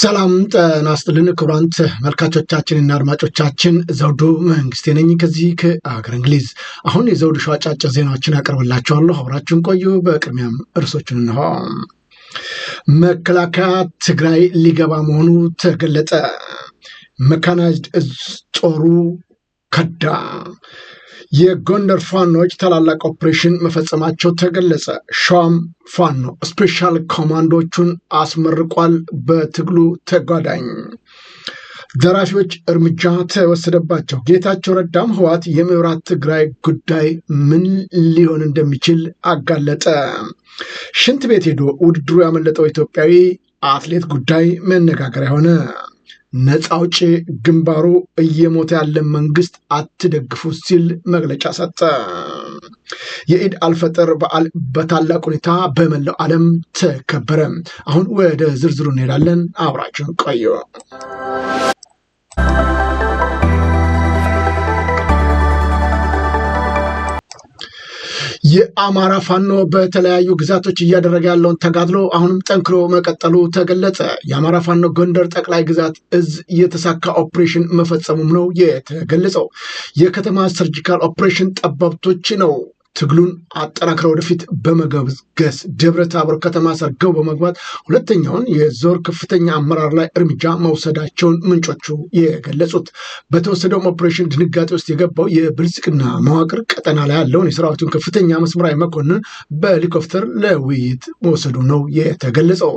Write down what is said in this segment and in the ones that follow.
ሰላም ጤና ይስጥልን ክቡራን ተመልካቾቻችንና አድማጮቻችን ዘውዱ መንግስቴ ነኝ ከዚህ ከአገር እንግሊዝ። አሁን የዘውዱ ሾው አጫጭር ዜናዎችን ያቀርብላችኋለሁ። አብራችሁን ቆዩ። በቅድሚያም እርሶችን እንሆ። መከላከያ ትግራይ ሊገባ መሆኑ ተገለጠ። መካናይዝድ ጦሩ ከዳ። የጎንደር ፋኖች ታላላቅ ኦፕሬሽን መፈጸማቸው ተገለጸ። ሸዋም ፋኖ ስፔሻል ኮማንዶቹን አስመርቋል። በትግሉ ተጓዳኝ ዘራፊዎች እርምጃ ተወሰደባቸው። ጌታቸው ረዳም ህወሓት የምዕራብ ትግራይ ጉዳይ ምን ሊሆን እንደሚችል አጋለጠ። ሽንት ቤት ሄዶ ውድድሩ ያመለጠው ኢትዮጵያዊ አትሌት ጉዳይ መነጋገሪያ ሆነ። ነፃ አውጪ ግንባሩ እየሞተ ያለን መንግስት አትደግፉ ሲል መግለጫ ሰጠ። የኢድ አልፈጥር በዓል በታላቅ ሁኔታ በመላው ዓለም ተከበረ። አሁን ወደ ዝርዝሩ እንሄዳለን። አብራችሁን ቆዩ። የአማራ ፋኖ በተለያዩ ግዛቶች እያደረገ ያለውን ተጋድሎ አሁንም ጠንክሮ መቀጠሉ ተገለጸ። የአማራ ፋኖ ጎንደር ጠቅላይ ግዛት እዝ የተሳካ ኦፕሬሽን መፈጸሙም ነው የተገለጸው። የከተማ ሰርጂካል ኦፕሬሽን ጠባብቶች ነው ትግሉን አጠናክረው ወደፊት በመገስገስ ደብረ ታቦር ከተማ ሰርገው በመግባት ሁለተኛውን የዞር ከፍተኛ አመራር ላይ እርምጃ መውሰዳቸውን ምንጮቹ የገለጹት። በተወሰደውም ኦፕሬሽን ድንጋጤ ውስጥ የገባው የብልጽግና መዋቅር ቀጠና ላይ ያለውን የሰራዊቱን ከፍተኛ መስመራዊ መኮንን በሄሊኮፕተር ለውይይት መውሰዱ ነው የተገለጸው።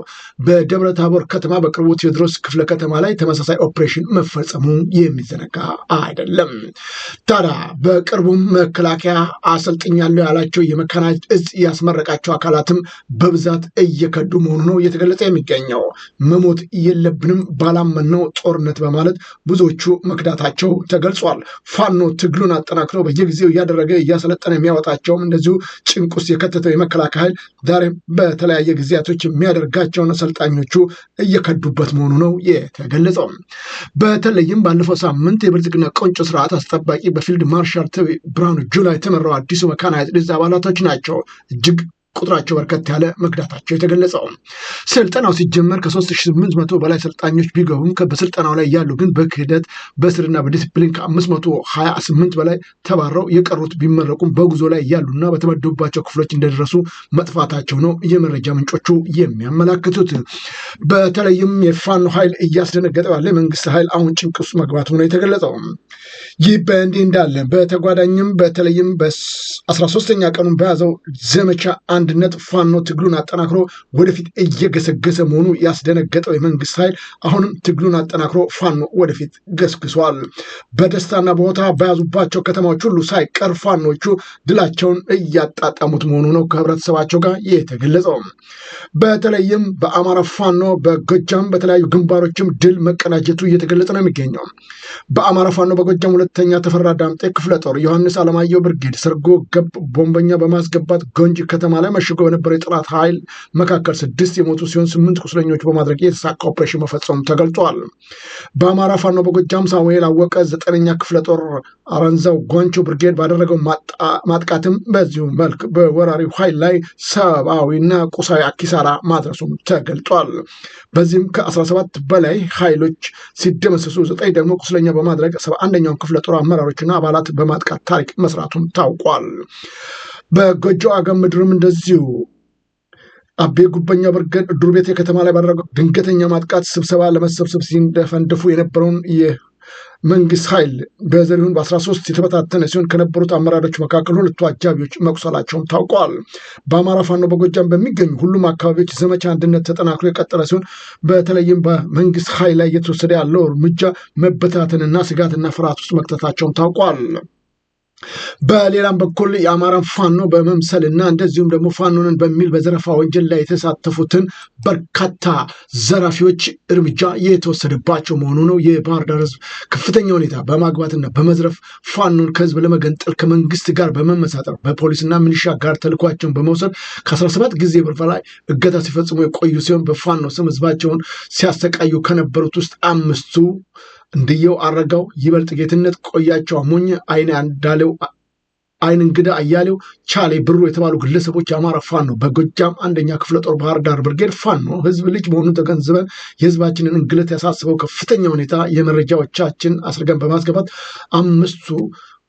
በደብረ ታቦር ከተማ በቅርቡ ቴዎድሮስ ክፍለ ከተማ ላይ ተመሳሳይ ኦፕሬሽን መፈጸሙ የሚዘነጋ አይደለም። ታዲያ በቅርቡም መከላከያ አሰልጥኛ አለው ያላቸው የመካናይዝድ እጽ ያስመረቃቸው አካላትም በብዛት እየከዱ መሆኑ ነው እየተገለጸ የሚገኘው። መሞት የለብንም ባላመነው ጦርነት በማለት ብዙዎቹ መክዳታቸው ተገልጿል። ፋኖ ትግሉን አጠናክሮ በየጊዜው እያደረገ እያሰለጠነ የሚያወጣቸውም እንደዚሁ ጭንቅ ውስጥ የከተተው የመከላከያ ኃይል ዛሬም በተለያየ ጊዜያቶች የሚያደርጋቸውን አሰልጣኞቹ እየከዱበት መሆኑ ነው የተገለጸው። በተለይም ባለፈው ሳምንት የብልጽግና ቆንጮ ስርዓት አስጠባቂ በፊልድ ማርሻል ብርሃኑ ጁላ የተመራው አዲሱ መካና የኢትዮጵያን ሀይል አባላቶች ናቸው። እጅግ ቁጥራቸው በርከት ያለ መግዳታቸው የተገለጸው። ስልጠናው ሲጀመር ከ3800 በላይ ሰልጣኞች ቢገቡም በስልጠናው ላይ ያሉ ግን በክህደት በስርና በዲስፕሊን ከ528 በላይ ተባረው የቀሩት ቢመረቁም በጉዞ ላይ ያሉና በተመደቡባቸው ክፍሎች እንደደረሱ መጥፋታቸው ነው የመረጃ ምንጮቹ የሚያመላክቱት። በተለይም የፋኖ ኃይል እያስደነገጠ ባለ የመንግስት ኃይል አሁን ጭንቅ ውስጥ መግባቱ ነው የተገለጸው። ይህ በእንዲህ እንዳለ በተጓዳኝም በተለይም በ13ኛ ቀኑን በያዘው ዘመቻ አንድነት ፋኖ ትግሉን አጠናክሮ ወደፊት እየገሰገሰ መሆኑ ያስደነገጠው የመንግስት ኃይል አሁንም ትግሉን አጠናክሮ ፋኖ ወደፊት ገስግሷል። በደስታና በቦታ በያዙባቸው ከተማዎች ሁሉ ሳይቀር ፋኖቹ ድላቸውን እያጣጣሙት መሆኑ ነው ከህብረተሰባቸው ጋር የተገለጸው። በተለይም በአማራ ፋኖ በጎጃም በተለያዩ ግንባሮችም ድል መቀዳጀቱ እየተገለጸ ነው የሚገኘው። በአማራ ፋኖ በጎጃም ሁለተኛ ተፈራ ዳምጤ ክፍለ ጦር ዮሐንስ አለማየሁ ብርጌድ ሰርጎ ገብ ቦምበኛ በማስገባት ጎንጅ ከተማ ላይ መሽጎ በነበረ የጠላት ኃይል መካከል ስድስት የሞቱ ሲሆን ስምንት ቁስለኞች በማድረግ የተሳካ ኦፕሬሽን መፈጸሙ ተገልጿል። በአማራ ፋኖ በጎጃም ሳሙኤል አወቀ ዘጠነኛ ክፍለ ጦር አረንዛው ጓንቾ ብርጌድ ባደረገው ማጥቃትም በዚሁ መልክ በወራሪው ኃይል ላይ ሰብአዊና ቁሳዊ አኪሳራ ማድረሱም ተገልጧል። በዚህም ከ17 በላይ ኃይሎች ሲደመሰሱ ዘጠኝ ደግሞ ቁስለኛ በማድረግ ሰባ አንደኛውን ክፍለ ጦር አመራሮችና አባላት በማጥቃት ታሪክ መስራቱም ታውቋል። በጎጆ አገር ምድርም እንደዚሁ አቤ ጉበኛ በርገን ዱር ቤቴ ከተማ ላይ ባደረገው ድንገተኛ ማጥቃት ስብሰባ ለመሰብሰብ ሲንደፈንድፉ የነበረውን የመንግስት ኃይል በዘሪሁን በ13 የተበታተነ ሲሆን ከነበሩት አመራሮች መካከል ሁለቱ አጃቢዎች መቁሰላቸውም ታውቀዋል። በአማራ ፋኖ በጎጃም በሚገኙ ሁሉም አካባቢዎች ዘመቻ አንድነት ተጠናክሮ የቀጠለ ሲሆን በተለይም በመንግስት ኃይል ላይ እየተወሰደ ያለው እርምጃ መበታተንና ስጋትና ፍርሃት ውስጥ መክተታቸውም ታውቋል። በሌላም በኩል የአማራን ፋኖ በመምሰል እና እንደዚሁም ደግሞ ፋኖንን በሚል በዘረፋ ወንጀል ላይ የተሳተፉትን በርካታ ዘራፊዎች እርምጃ የተወሰደባቸው መሆኑ ነው። የባህር ዳር ህዝብ ከፍተኛ ሁኔታ በማግባትና በመዝረፍ ፋኖን ከህዝብ ለመገንጠል ከመንግስት ጋር በመመሳጠር በፖሊስና ሚሊሻ ጋር ተልኳቸውን በመውሰድ ከ17 ጊዜ ብርፋ ላይ እገታ ሲፈጽሙ የቆዩ ሲሆን በፋኖ ስም ህዝባቸውን ሲያሰቃዩ ከነበሩት ውስጥ አምስቱ እንድየው አረጋው፣ ይበልጥ ጌትነት፣ ቆያቸው አሞኘ፣ አይን እንዳለው አይን እንግዳ አያሌው፣ ቻሌ ብሩ የተባሉ ግለሰቦች የአማራ ፋኖ በጎጃም አንደኛ ክፍለ ጦር ባህር ዳር ብርጌድ ፋኖ ህዝብ ልጅ መሆኑን ተገንዝበን የህዝባችንን እንግልት ያሳስበው ከፍተኛ ሁኔታ የመረጃዎቻችን አስርገን በማስገባት አምስቱ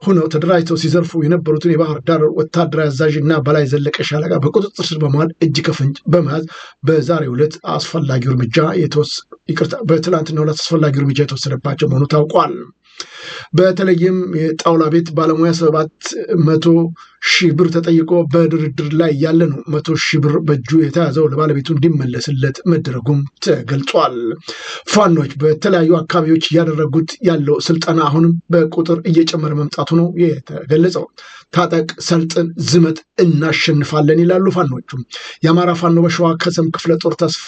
ሆነው ተደራጅተው ሲዘርፉ የነበሩትን የባህር ዳር ወታደራዊ አዛዥ እና በላይ ዘለቀ ሻለቃ በቁጥጥር ስር በመዋል እጅ ከፍንጅ በመያዝ በዛሬው ዕለት አስፈላጊ እርምጃ ይቅርታ፣ በትላንትናው ዕለት እርምጃ የተወሰደባቸው መሆኑ ታውቋል። በተለይም የጣውላ ቤት ባለሙያ ሰባት መቶ ሺህ ብር ተጠይቆ በድርድር ላይ ያለ ነው መቶ ሺህ ብር በእጁ የተያዘው ለባለቤቱ እንዲመለስለት መደረጉም ተገልጿል። ፋኖች በተለያዩ አካባቢዎች እያደረጉት ያለው ስልጠና አሁንም በቁጥር እየጨመረ መምጣቱ ነው የተገለጸው። ታጠቅ፣ ሰልጥን፣ ዝመት፣ እናሸንፋለን ይላሉ ፋኖቹ። የአማራ ፋኖ በሸዋ ከሰም ክፍለ ጦር ተስፋ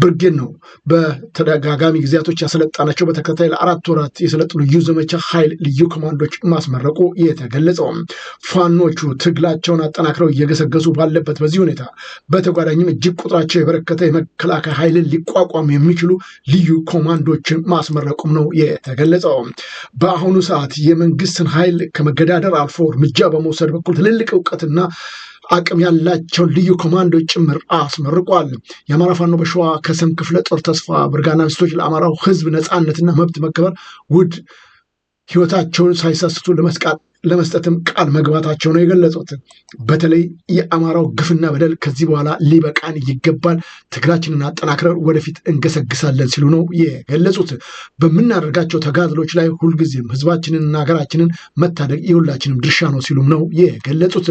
ብርጌድ ነው በተደጋጋሚ ጊዜያቶች ያሰለጣናቸው በተከታይ ለአራት ወራት የሰለጥ ልዩ ዘመቻ ኃይል ልዩ ኮማንዶች ማስመረቁ የተገለጸው ፋኖቹ ትግላቸውን አጠናክረው እየገሰገሱ ባለበት በዚህ ሁኔታ በተጓዳኝም እጅግ ቁጥራቸው የበረከተ የመከላከያ ኃይልን ሊቋቋሙ የሚችሉ ልዩ ኮማንዶችን ማስመረቁም ነው የተገለጸው። በአሁኑ ሰዓት የመንግስትን ኃይል ከመገዳደር አልፎ እርምጃ እርምጃ በመውሰድ በኩል ትልልቅ እውቀትና አቅም ያላቸውን ልዩ ኮማንዶች ጭምር አስመርቋል። የአማራ ፋኖ በሸዋ ከሰም ክፍለ ጦር ተስፋ ብርጋና ሚስቶች ለአማራው ሕዝብ ነፃነትና መብት መከበር ውድ ህይወታቸውን ሳይሳስቱ ለመስቃት ለመስጠትም ቃል መግባታቸው ነው የገለጹት። በተለይ የአማራው ግፍና በደል ከዚህ በኋላ ሊበቃን ይገባል፣ ትግላችንን አጠናክረን ወደፊት እንገሰግሳለን ሲሉ ነው የገለጹት። በምናደርጋቸው ተጋድሎች ላይ ሁልጊዜም ህዝባችንንና ሀገራችንን መታደግ የሁላችንም ድርሻ ነው ሲሉም ነው የገለጹት።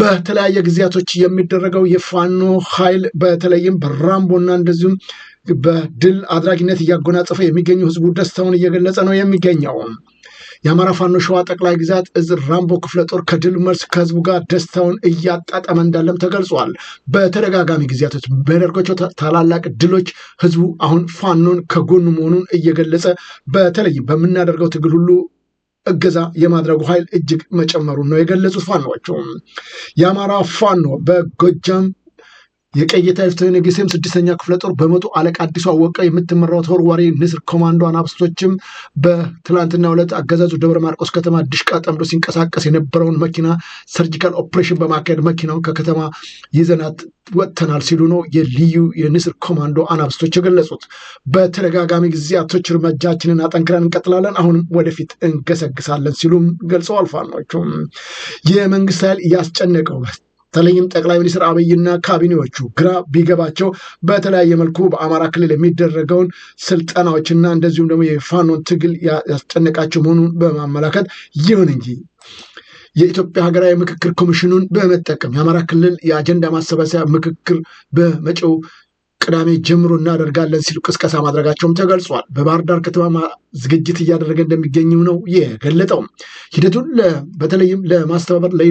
በተለያየ ጊዜያቶች የሚደረገው የፋኖ ኃይል በተለይም በራምቦና እንደዚሁም በድል አድራጊነት እያጎናጸፈ የሚገኘው ህዝቡ ደስታውን እየገለጸ ነው የሚገኘው። የአማራ ፋኖ ሸዋ ጠቅላይ ግዛት እዝ ራምቦ ክፍለ ጦር ከድል መልስ ከህዝቡ ጋር ደስታውን እያጣጠመ እንዳለም ተገልጿል። በተደጋጋሚ ጊዜያቶች በደርጎቸው ታላላቅ ድሎች ህዝቡ አሁን ፋኖን ከጎኑ መሆኑን እየገለጸ በተለይ በምናደርገው ትግል ሁሉ እገዛ የማድረጉ ኃይል እጅግ መጨመሩን ነው የገለጹት። ፋኖዎቹ የአማራ ፋኖ በጎጃም የቀይተ እልፍት ንግስም ስድስተኛ ክፍለ ጦር በመቶ አለቃ አዲሱ አወቀ የምትመራው ተወርዋሪ ንስር ኮማንዶ አናብስቶችም በትላንትና ሁለት አገዛዙ ደብረ ማርቆስ ከተማ ድሽቃ ጠምዶ ሲንቀሳቀስ የነበረውን መኪና ሰርጂካል ኦፕሬሽን በማካሄድ መኪናውን ከከተማ ይዘናት ወጥተናል ሲሉ ነው የልዩ የንስር ኮማንዶ አናብስቶች የገለጹት። በተደጋጋሚ ጊዜያቶች እርምጃችንን አጠንክረን እንቀጥላለን፣ አሁንም ወደፊት እንገሰግሳለን ሲሉም ገልጸዋል። ፋኖቹ የመንግስት ኃይል እያስጨነቀው በተለይም ጠቅላይ ሚኒስትር አብይና ካቢኔዎቹ ግራ ቢገባቸው በተለያየ መልኩ በአማራ ክልል የሚደረገውን ስልጠናዎችና እንደዚሁም ደግሞ የፋኖን ትግል ያስጨነቃቸው መሆኑን በማመላከት ይሁን እንጂ የኢትዮጵያ ሀገራዊ ምክክር ኮሚሽኑን በመጠቀም የአማራ ክልል የአጀንዳ ማሰባሰያ ምክክር በመጪው ቅዳሜ ጀምሮ እናደርጋለን ሲሉ ቅስቀሳ ማድረጋቸውም ተገልጿል። በባህር ዳር ከተማ ዝግጅት እያደረገ እንደሚገኝም ነው የገለጠው። ሂደቱን በተለይም ለማስተባበር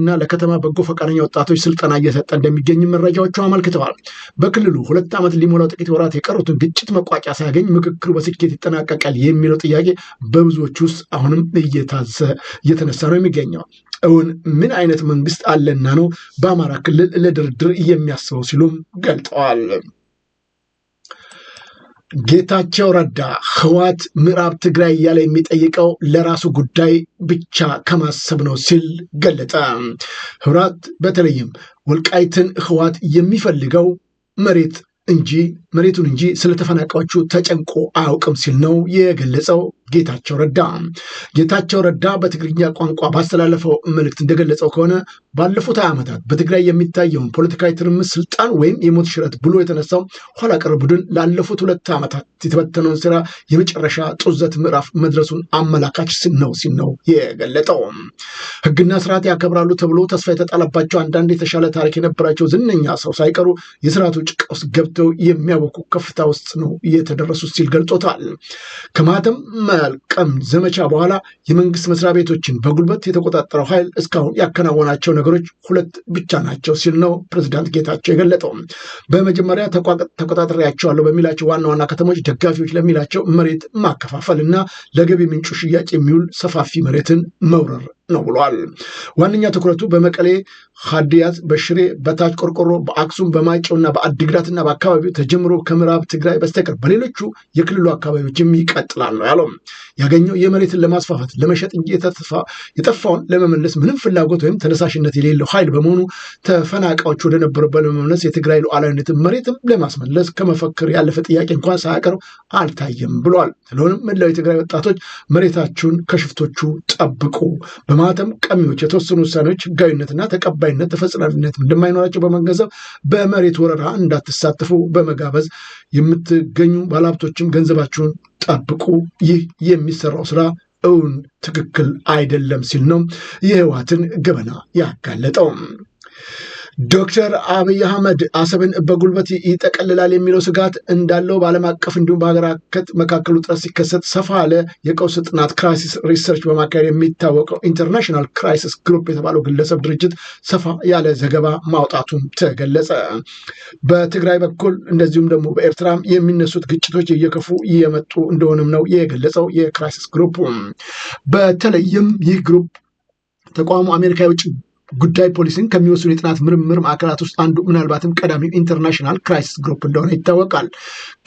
እና ለከተማ በጎ ፈቃደኛ ወጣቶች ስልጠና እየሰጠ እንደሚገኝ መረጃዎቹ አመልክተዋል። በክልሉ ሁለት ዓመት ሊሞላው ጥቂት ወራት የቀሩትን ግጭት መቋጫ ሳያገኝ ምክክሩ በስኬት ይጠናቀቃል የሚለው ጥያቄ በብዙዎች ውስጥ አሁንም እየተነሳ ነው የሚገኘው። እውን ምን አይነት መንግስት አለና ነው በአማራ ክልል ለድርድር የሚያስበው ሲሉም ገልጠዋል። ጌታቸው ረዳ ህወሓት ምዕራብ ትግራይ እያለ የሚጠይቀው ለራሱ ጉዳይ ብቻ ከማሰብ ነው ሲል ገለጠ። ህወሓት በተለይም ወልቃይትን ህወሓት የሚፈልገው መሬት እንጂ መሬቱን እንጂ ስለ ተፈናቃዮቹ ተጨንቆ አያውቅም ሲል ነው የገለጸው። ጌታቸው ረዳ። ጌታቸው ረዳ በትግርኛ ቋንቋ ባስተላለፈው መልእክት እንደገለጸው ከሆነ ባለፉት ሀያ ዓመታት በትግራይ የሚታየውን ፖለቲካዊ ትርምስ ስልጣን ወይም የሞት ሽረት ብሎ የተነሳው ኋላ ቀር ቡድን ላለፉት ሁለት ዓመታት የተበተነውን ስራ የመጨረሻ ጡዘት ምዕራፍ መድረሱን አመላካች ነው ሲል ነው የገለጠው። ህግና ስርዓት ያከብራሉ ተብሎ ተስፋ የተጣለባቸው አንዳንድ የተሻለ ታሪክ የነበራቸው ዝነኛ ሰው ሳይቀሩ የስርዓቱ ጭቃ ውስጥ ገብተው የሚያወቁ ከፍታ ውስጥ ነው እየተደረሱ ሲል ገልጾታል። ከማተም ቀም ዘመቻ በኋላ የመንግስት መስሪያ ቤቶችን በጉልበት የተቆጣጠረው ኃይል እስካሁን ያከናወናቸው ነገሮች ሁለት ብቻ ናቸው ሲል ነው ፕሬዚዳንት ጌታቸው የገለጠው። በመጀመሪያ ተቆጣጠሪያቸዋለሁ በሚላቸው ዋና ዋና ከተሞች ደጋፊዎች ለሚላቸው መሬት ማከፋፈል እና ለገቢ ምንጩ ሽያጭ የሚውል ሰፋፊ መሬትን መውረር ነው ብሏል። ዋነኛ ትኩረቱ በመቀሌ ሀዲያት፣ በሽሬ፣ በታች ቆርቆሮ፣ በአክሱም፣ በማይጨውና በአዲግራትና በአካባቢው ተጀምሮ ከምዕራብ ትግራይ በስተቀር በሌሎቹ የክልሉ አካባቢዎችም ይቀጥላል ነው ያለው። ያገኘው የመሬትን ለማስፋፋት ለመሸጥ እንጂ የጠፋውን ለመመለስ ምንም ፍላጎት ወይም ተነሳሽነት የሌለው ኃይል በመሆኑ ተፈናቃዮች ወደነበሩበት ለመመለስ የትግራይ ሉዓላዊነትን መሬትም ለማስመለስ ከመፈክር ያለፈ ጥያቄ እንኳን ሳያቀርብ አልታየም ብሏል። ስለሆነም መላው የትግራይ ወጣቶች መሬታችሁን ከሽፍቶቹ ጠብቁ ማተም ቀሚዎች የተወሰኑ ውሳኔዎች ህጋዊነትና ተቀባይነት ተፈጻሚነት እንደማይኖራቸው በመገንዘብ በመሬት ወረራ እንዳትሳተፉ በመጋበዝ የምትገኙ ባለሀብቶችም ገንዘባችሁን ጠብቁ፣ ይህ የሚሰራው ስራ እውን ትክክል አይደለም ሲል ነው የህወሓትን ገበና ያጋለጠው። ዶክተር አብይ አህመድ አሰብን በጉልበት ይጠቀልላል የሚለው ስጋት እንዳለው በዓለም አቀፍ እንዲሁም በሀገር አከት መካከል ውጥረት ሲከሰት ሰፋ ያለ የቀውስ ጥናት ክራይሲስ ሪሰርች በማካሄድ የሚታወቀው ኢንተርናሽናል ክራይሲስ ግሩፕ የተባለው ግለሰብ ድርጅት ሰፋ ያለ ዘገባ ማውጣቱም ተገለጸ። በትግራይ በኩል እንደዚሁም ደግሞ በኤርትራም የሚነሱት ግጭቶች እየከፉ እየመጡ እንደሆነም ነው የገለጸው የክራይሲስ ግሩፕ። በተለይም ይህ ግሩፕ ተቋሙ አሜሪካ የውጭ ጉዳይ ፖሊስን ከሚወስዱ የጥናት ምርምር ማዕከላት ውስጥ አንዱ ምናልባትም ቀዳሚው ኢንተርናሽናል ክራይሲስ ግሩፕ እንደሆነ ይታወቃል።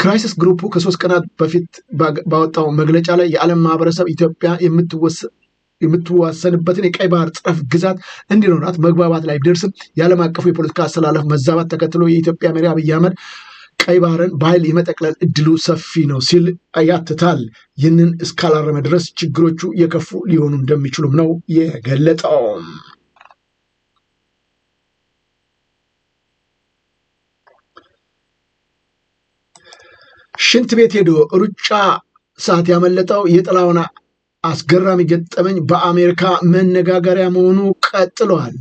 ክራይሲስ ግሩፑ ከሶስት ቀናት በፊት ባወጣው መግለጫ ላይ የዓለም ማህበረሰብ ኢትዮጵያ የምትዋሰንበትን የቀይ ባህር ጠረፍ ግዛት እንዲኖራት መግባባት ላይ ቢደርስም የዓለም አቀፉ የፖለቲካ አሰላለፍ መዛባት ተከትሎ የኢትዮጵያ መሪ አብይ አህመድ ቀይ ባህርን በኃይል የመጠቅለል እድሉ ሰፊ ነው ሲል ያትታል። ይህንን እስካላረመ ድረስ ችግሮቹ የከፉ ሊሆኑ እንደሚችሉም ነው የገለጠው። ሽንት ቤት ሄዶ ሩጫ ሰዓት ያመለጠው የጥላውን አስገራሚ ገጠመኝ በአሜሪካ መነጋገሪያ መሆኑ ቀጥሏል።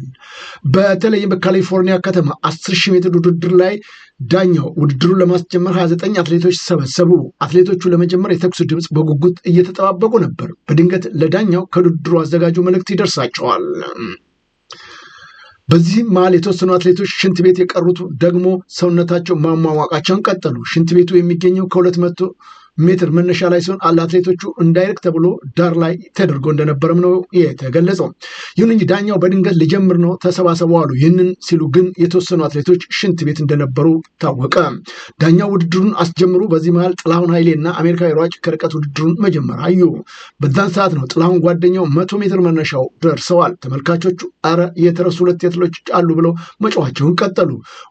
በተለይም በካሊፎርኒያ ከተማ 10 ሺህ ሜትር ውድድር ላይ ዳኛው ውድድሩን ለማስጀመር 29 አትሌቶች ሰበሰቡ። አትሌቶቹ ለመጀመር የተኩስ ድምፅ በጉጉት እየተጠባበቁ ነበር። በድንገት ለዳኛው ከውድድሩ አዘጋጁ መልእክት ይደርሳቸዋል። በዚህም መሀል የተወሰኑ አትሌቶች ሽንት ቤት የቀሩት ደግሞ ሰውነታቸው ማሟሟቃቸውን ቀጠሉ። ሽንት ቤቱ የሚገኘው ከሁለት መቶ ሜትር መነሻ ላይ ሲሆን አትሌቶቹ እንዳይርቅ ተብሎ ዳር ላይ ተደርጎ እንደነበረም ነው የተገለጸው። ይሁን እንጂ ዳኛው በድንገት ሊጀምር ነው ተሰባሰቡ አሉ። ይህንን ሲሉ ግን የተወሰኑ አትሌቶች ሽንት ቤት እንደነበሩ ታወቀ። ዳኛው ውድድሩን አስጀምሩ። በዚህ መሃል ጥላሁን ኃይሌና አሜሪካዊ ሯጭ ከርቀት ውድድሩን መጀመር አዩ። በዛን ሰዓት ነው ጥላሁን ጓደኛው መቶ ሜትር መነሻው ደርሰዋል። ተመልካቾቹ አረ የተረሱ ሁለት አትሌቶች አሉ ብለው መጫዋቸውን ቀጠሉ።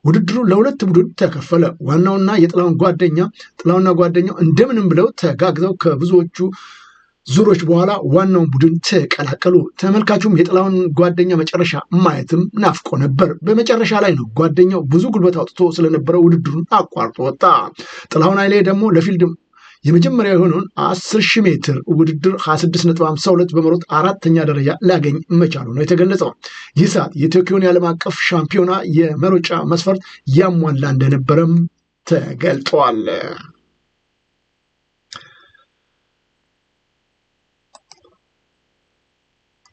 ውድድሩ ለሁለት ቡድን ተከፈለ። ዋናውና የጥላሁን ጓደኛ ጥላሁንና ጓደኛው እንደምን እንደምንም ብለው ተጋግዘው ከብዙዎቹ ዙሮች በኋላ ዋናውን ቡድን ተቀላቀሉ። ተመልካቹም የጥላውን ጓደኛ መጨረሻ ማየትም ናፍቆ ነበር። በመጨረሻ ላይ ነው ጓደኛው ብዙ ጉልበት አውጥቶ ስለነበረው ውድድሩን አቋርጦ ወጣ። ጥላሁን ኃይሌ ደግሞ ለፊልድ የመጀመሪያ የሆነውን 10 ሺህ ሜትር ውድድር 26.52 በመሮጥ አራተኛ ደረጃ ሊያገኝ መቻሉ ነው የተገለጸው። ይህ ሰዓት የቶኪዮን የዓለም አቀፍ ሻምፒዮና የመሮጫ መስፈርት ያሟላ እንደነበረም ተገልጧል።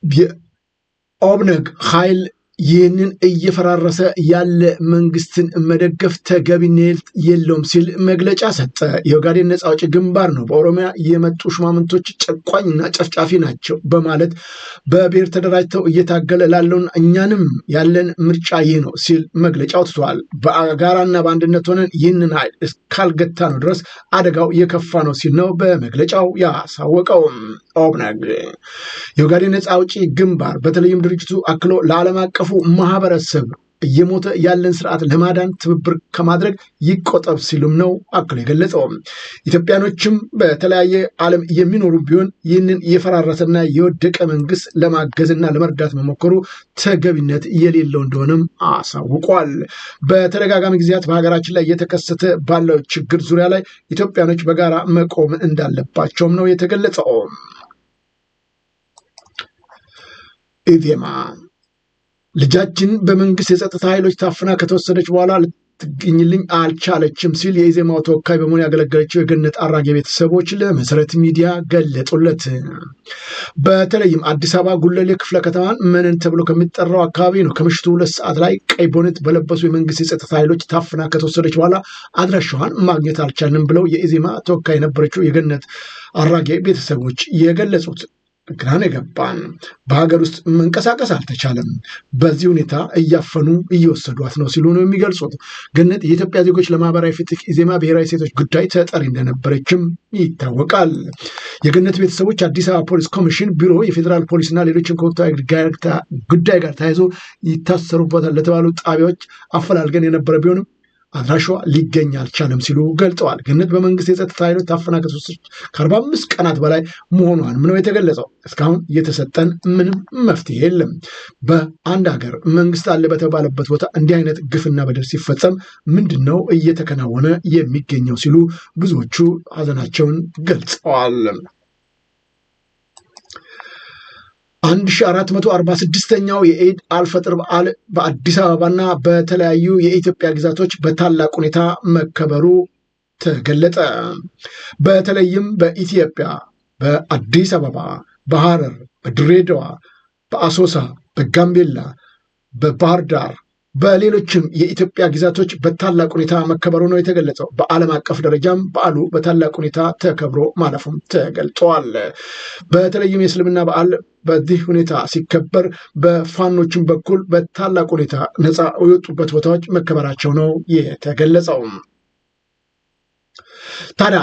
bir obnig Heil ይህንን እየፈራረሰ ያለ መንግስትን መደገፍ ተገቢነት የለውም ሲል መግለጫ ሰጠ። የኦጋዴን ነፃ አውጪ ግንባር ነው በኦሮሚያ የመጡ ሹማምንቶች ጨቋኝና ጨፍጫፊ ናቸው በማለት በብሔር ተደራጅተው እየታገለ ላለውን እኛንም ያለን ምርጫ ይህ ነው ሲል መግለጫ አውጥቷል። በጋራና በአንድነት ሆነን ይህንን ኃይል እስካልገታ ነው ድረስ አደጋው የከፋ ነው ሲል ነው በመግለጫው ያሳወቀው። ኦብነግ የኦጋዴን ነፃ አውጪ ግንባር በተለይም ድርጅቱ አክሎ ለዓለም አቀፉ አቀፉ ማህበረሰብ እየሞተ ያለን ስርዓት ለማዳን ትብብር ከማድረግ ይቆጠብ ሲሉም ነው አክሎ የገለጸው። ኢትዮጵያኖችም በተለያየ ዓለም የሚኖሩ ቢሆን ይህንን የፈራረሰና የወደቀ መንግስት ለማገዝና ለመርዳት መሞከሩ ተገቢነት የሌለው እንደሆነም አሳውቋል። በተደጋጋሚ ጊዜያት በሀገራችን ላይ የተከሰተ ባለው ችግር ዙሪያ ላይ ኢትዮጵያኖች በጋራ መቆም እንዳለባቸውም ነው የተገለጸው። ኢዜማ ልጃችን በመንግስት የጸጥታ ኃይሎች ታፍና ከተወሰደች በኋላ ልትገኝልኝ አልቻለችም ሲል የኢዜማው ተወካይ በመሆን ያገለገለችው የገነት አራጌ ቤተሰቦች ለመሰረት ሚዲያ ገለጡለት። በተለይም አዲስ አበባ ጉለሌ ክፍለ ከተማን መነን ተብሎ ከሚጠራው አካባቢ ነው። ከምሽቱ ሁለት ሰዓት ላይ ቀይ ቦኔት በለበሱ የመንግስት የጸጥታ ኃይሎች ታፍና ከተወሰደች በኋላ አድራሻዋን ማግኘት አልቻልንም ብለው የኢዜማ ተወካይ የነበረችው የገነት አራጌ ቤተሰቦች የገለጹት ግራን የገባን በሀገር ውስጥ መንቀሳቀስ አልተቻለም። በዚህ ሁኔታ እያፈኑ እየወሰዷት ነው ሲሉ ነው የሚገልጹት። ገነት የኢትዮጵያ ዜጎች ለማህበራዊ ፍትህ ኢዜማ ብሔራዊ ሴቶች ጉዳይ ተጠሪ እንደነበረችም ይታወቃል። የገነት ቤተሰቦች አዲስ አበባ ፖሊስ ኮሚሽን ቢሮ፣ የፌዴራል ፖሊስና ሌሎችን ከወቅታዊ ጉዳይ ጋር ተያይዞ ይታሰሩበታል ለተባሉ ጣቢያዎች አፈላልገን የነበረ ቢሆንም አድራሿ ሊገኝ አልቻለም ሲሉ ገልጠዋል። ግንት በመንግስት የጸጥታ ኃይሎች ታፈና ከተወሰደች ከአርባ አምስት ቀናት በላይ መሆኗን ነው የተገለጸው። እስካሁን የተሰጠን ምንም መፍትሄ የለም። በአንድ ሀገር መንግስት አለ በተባለበት ቦታ እንዲህ አይነት ግፍና በደል ሲፈጸም ምንድን ነው እየተከናወነ የሚገኘው ሲሉ ብዙዎቹ ሀዘናቸውን ገልጸዋል። 1446ኛው የኢድ አልፈጥር በዓል በአዲስ አበባና በተለያዩ የኢትዮጵያ ግዛቶች በታላቅ ሁኔታ መከበሩ ተገለጠ። በተለይም በኢትዮጵያ በአዲስ አበባ፣ በሐረር፣ በድሬዳዋ፣ በአሶሳ፣ በጋምቤላ፣ በባህር ዳር በሌሎችም የኢትዮጵያ ግዛቶች በታላቅ ሁኔታ መከበሩ ነው የተገለጸው። በዓለም አቀፍ ደረጃም በዓሉ በታላቅ ሁኔታ ተከብሮ ማለፉም ተገልጠዋል። በተለይም የእስልምና በዓል በዚህ ሁኔታ ሲከበር በፋኖችን በኩል በታላቅ ሁኔታ ነፃ የወጡበት ቦታዎች መከበራቸው ነው የተገለጸው። ታዲያ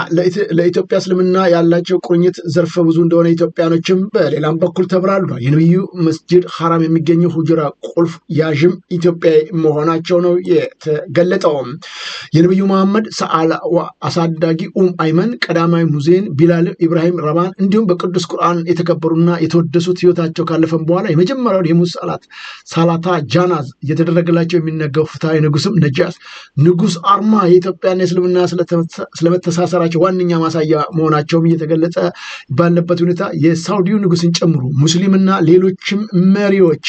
ለኢትዮጵያ እስልምና ያላቸው ቁርኝት ዘርፈ ብዙ እንደሆነ ኢትዮጵያኖችም በሌላም በኩል ነው። የነቢዩ መስጅድ ሐራም የሚገኘው ሁጅራ ቁልፍ ያዥም ኢትዮጵያዊ መሆናቸው ነው የተገለጠውም። የነቢዩ መሐመድ አሳዳጊ ኡም አይመን፣ ቀዳማዊ ሙዜን፣ ቢላል፣ ኢብራሂም ረባን እንዲሁም በቅዱስ ቁርአን የተከበሩና የተወደሱት ህይወታቸው ካለፈም በኋላ የመጀመሪያውን የሙስ ሰላት ሳላታ ጃናዝ እየተደረገላቸው የሚነገው ፍትሐዊ ንጉስም ነጃስ ንጉስ አርማ የኢትዮጵያና የእስልምና ስለ ለመተሳሰራቸው ዋነኛ ማሳያ መሆናቸውም እየተገለጸ ባለበት ሁኔታ የሳውዲው ንጉስን ጨምሮ ሙስሊምና ሌሎችም መሪዎች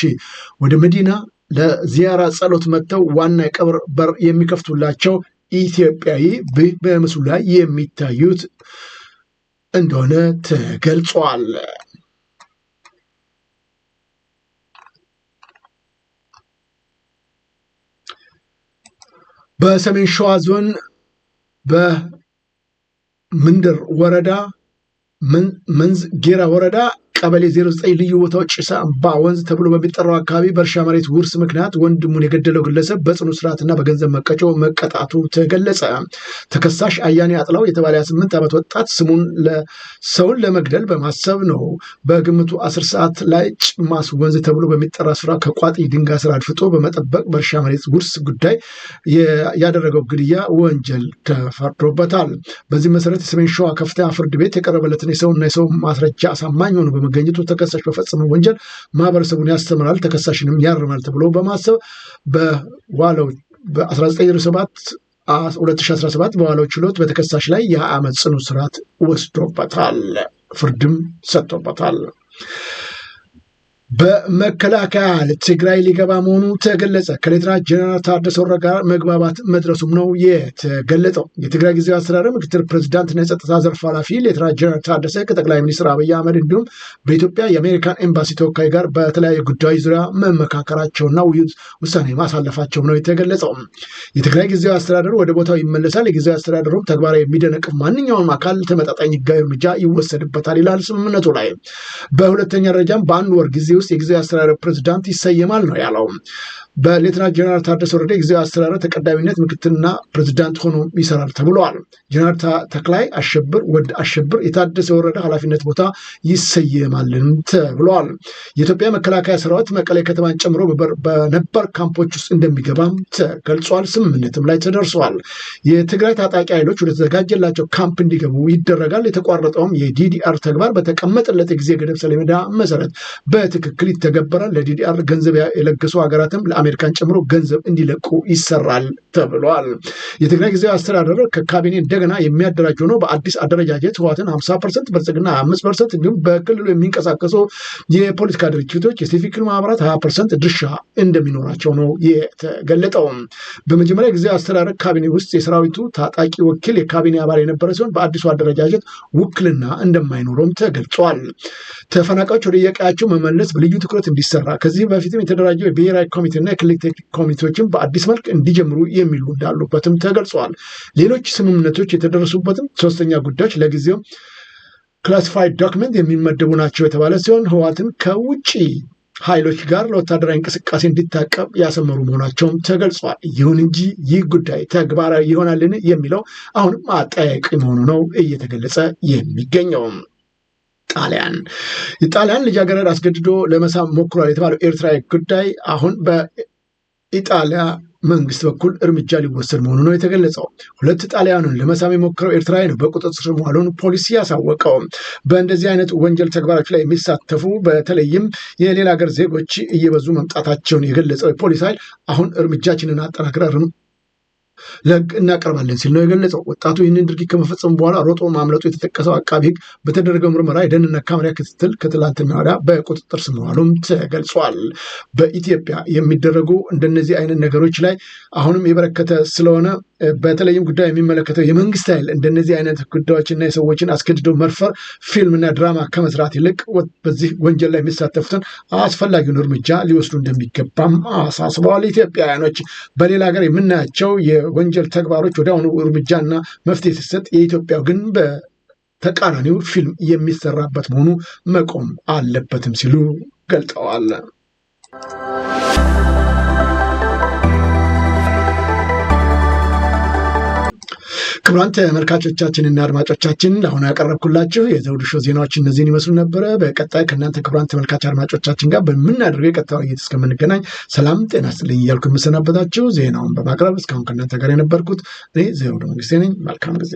ወደ መዲና ለዚያራ ጸሎት መጥተው ዋና የቀብር በር የሚከፍቱላቸው ኢትዮጵያዊ በምስሉ ላይ የሚታዩት እንደሆነ ተገልጿል። በሰሜን ሸዋ ዞን በ ምንድር ወረዳ መንዝ ጌራ ወረዳ ቀበሌ 09 ልዩ ቦታው ጭሳ አምባ ወንዝ ተብሎ በሚጠራው አካባቢ በእርሻ መሬት ውርስ ምክንያት ወንድሙን የገደለው ግለሰብ በጽኑ ስርዓትና በገንዘብ መቀጮ መቀጣቱ ተገለጸ። ተከሳሽ አያኔ አጥላው የተባለ 28 ዓመት ወጣት ስሙን ሰውን ለመግደል በማሰብ ነው በግምቱ 10 ሰዓት ላይ ጭማስ ወንዝ ተብሎ በሚጠራ ስራ ከቋጢ ድንጋይ ስራ አድፍጦ በመጠበቅ በእርሻ መሬት ውርስ ጉዳይ ያደረገው ግድያ ወንጀል ተፈርዶበታል። በዚህ መሰረት የሰሜን ሸዋ ከፍተኛ ፍርድ ቤት የቀረበለትን የሰውና የሰው ማስረጃ አሳማኝ ሆኑ መገኘቱ ተከሳሽ በፈጸመው ወንጀል ማህበረሰቡን ያስተምራል፣ ተከሳሽንም ያርማል ተብሎ በማሰብ በዋለው በ1907 2017 በዋለው ችሎት በተከሳሽ ላይ የዓመት ጽኑ ስርዓት ወስዶበታል። ፍርድም ሰጥቶበታል። በመከላከያ ትግራይ ሊገባ መሆኑ ተገለጸ። ከሌተና ጀነራል ታደሰ ወረደ ጋር መግባባት መድረሱም ነው የተገለጸው። የትግራይ ጊዜያዊ አስተዳደር ምክትል ፕሬዚዳንትና የጸጥታ ዘርፍ ኃላፊ ሌተና ጀነራል ታደሰ ከጠቅላይ ሚኒስትር አብይ አህመድ እንዲሁም በኢትዮጵያ የአሜሪካን ኤምባሲ ተወካይ ጋር በተለያዩ ጉዳዮች ዙሪያ መመካከራቸውና ውይይት ውሳኔ ማሳለፋቸውም ነው የተገለጸው። የትግራይ ጊዜያዊ አስተዳደር ወደ ቦታው ይመለሳል። የጊዜያዊ አስተዳደሩም ተግባራዊ የሚደነቅፍ ማንኛውም አካል ተመጣጣኝ ህጋዊ እርምጃ ይወሰድበታል ይላል ስምምነቱ ላይ። በሁለተኛ ደረጃም በአንድ ወር ጊዜ ውስጥ የጊዜያዊ አስተዳደር ፕሬዚዳንት ይሰየማል ነው ያለው። በሌተና ጀነራል ታደሰ ወረደ የጊዜያዊ አስተዳደር ተቀዳሚነት ምክትልና ፕሬዚዳንት ሆኖ ይሰራል ተብለዋል። ጀነራል ተክላይ አሸብር ወደ አሸብር የታደሰ ወረደ ኃላፊነት ቦታ ይሰየማልን ተብለዋል። የኢትዮጵያ መከላከያ ሰራዊት መቀሌ ከተማን ጨምሮ በነባር ካምፖች ውስጥ እንደሚገባም ተገልጿል። ስምምነትም ላይ ተደርሷል። የትግራይ ታጣቂ ኃይሎች ወደተዘጋጀላቸው ካምፕ እንዲገቡ ይደረጋል። የተቋረጠውም የዲዲአር ተግባር በተቀመጠለት የጊዜ ገደብ ሰሌዳ መሰረት በትክ ትክክል ይተገበራል። ለዲዲአር ገንዘብ የለገሱ ሀገራትም ለአሜሪካን ጨምሮ ገንዘብ እንዲለቁ ይሰራል ተብሏል። የትግራይ ጊዜያዊ አስተዳደር ከካቢኔ እንደገና የሚያደራጀው ነው። በአዲስ አደረጃጀት ህዋትን 50 ፐርሰንት፣ ብልጽግና 25 ፐርሰንት እንዲሁም በክልሉ የሚንቀሳቀሱ የፖለቲካ ድርጅቶች የሲቪክ ማህበራት 20 ፐርሰንት ድርሻ እንደሚኖራቸው ነው የተገለጠው። በመጀመሪያ ጊዜ አስተዳደር ካቢኔ ውስጥ የሰራዊቱ ታጣቂ ወኪል የካቢኔ አባል የነበረ ሲሆን በአዲሱ አደረጃጀት ውክልና እንደማይኖረውም ተገልጿል። ተፈናቃዮች ወደ የቀያቸው መመለስ ልዩ ትኩረት እንዲሰራ ከዚህ በፊትም የተደራጀው የብሔራዊ ኮሚቴና የክልል ቴክኒክ ኮሚቴዎችን በአዲስ መልክ እንዲጀምሩ የሚሉ እንዳሉበትም ተገልጸዋል። ሌሎች ስምምነቶች የተደረሱበትም ሶስተኛ ጉዳዮች ለጊዜው ክላሲፋይድ ዶክመንት የሚመደቡ ናቸው የተባለ ሲሆን ህወሓትን ከውጭ ኃይሎች ጋር ለወታደራዊ እንቅስቃሴ እንዲታቀብ ያሰመሩ መሆናቸውም ተገልጿል። ይሁን እንጂ ይህ ጉዳይ ተግባራዊ ይሆናልን የሚለው አሁንም አጠያቂ መሆኑ ነው እየተገለጸ የሚገኘውም ጣሊያን የጣሊያን ልጃገረድ አስገድዶ ለመሳብ ሞክሯል የተባለው ኤርትራዊ ጉዳይ አሁን በኢጣሊያ መንግስት በኩል እርምጃ ሊወሰድ መሆኑ ነው የተገለጸው። ሁለት ጣሊያኑን ለመሳብ የሞከረው ኤርትራዊ ነው በቁጥጥር ስር መዋሉን ፖሊሲ ያሳወቀው። በእንደዚህ አይነት ወንጀል ተግባራች ላይ የሚሳተፉ በተለይም የሌላ ሀገር ዜጎች እየበዙ መምጣታቸውን የገለጸው የፖሊስ ኃይል አሁን እርምጃችንን አጠናክረን ለህግ እናቀርባለን ሲል ነው የገለጸው። ወጣቱ ይህንን ድርጊት ከመፈጸሙ በኋላ ሮጦ ማምለጡ የተጠቀሰው አቃቢ ህግ በተደረገው ምርመራ የደህንነት ካሜራ ክትትል ከትላንትና ወዲያ በቁጥጥር ስር መዋሉም ተገልጿል። በኢትዮጵያ የሚደረጉ እንደነዚህ አይነት ነገሮች ላይ አሁንም የበረከተ ስለሆነ በተለይም ጉዳይ የሚመለከተው የመንግስት ኃይል እንደነዚህ አይነት ጉዳዮችና የሰዎችን አስገድዶ መድፈር ፊልምና ድራማ ከመስራት ይልቅ በዚህ ወንጀል ላይ የሚሳተፉትን አስፈላጊውን እርምጃ ሊወስዱ እንደሚገባም አሳስበዋል። ኢትዮጵያውያኖች በሌላ ሀገር የምናያቸው የወንጀል ተግባሮች ወደ አሁኑ እርምጃና መፍትሄ ሲሰጥ፣ የኢትዮጵያው ግን በተቃራኒው ፊልም የሚሰራበት መሆኑ መቆም አለበትም ሲሉ ገልጠዋል። ክቡራን ተመልካቾቻችንና አድማጮቻችን አሁን ያቀረብኩላችሁ የዘውዱ ሾው ዜናዎች እነዚህን ይመስሉ ነበረ። በቀጣይ ከእናንተ ክቡራን ተመልካች አድማጮቻችን ጋር በምናደርገው የቀጣይ ውይይት እስከምንገናኝ ሰላም ጤና ይስጥልኝ እያልኩ የምሰናበታችሁ ዜናውን በማቅረብ እስካሁን ከእናንተ ጋር የነበርኩት እኔ ዘውዱ መንግስቴ ነኝ። መልካም ጊዜ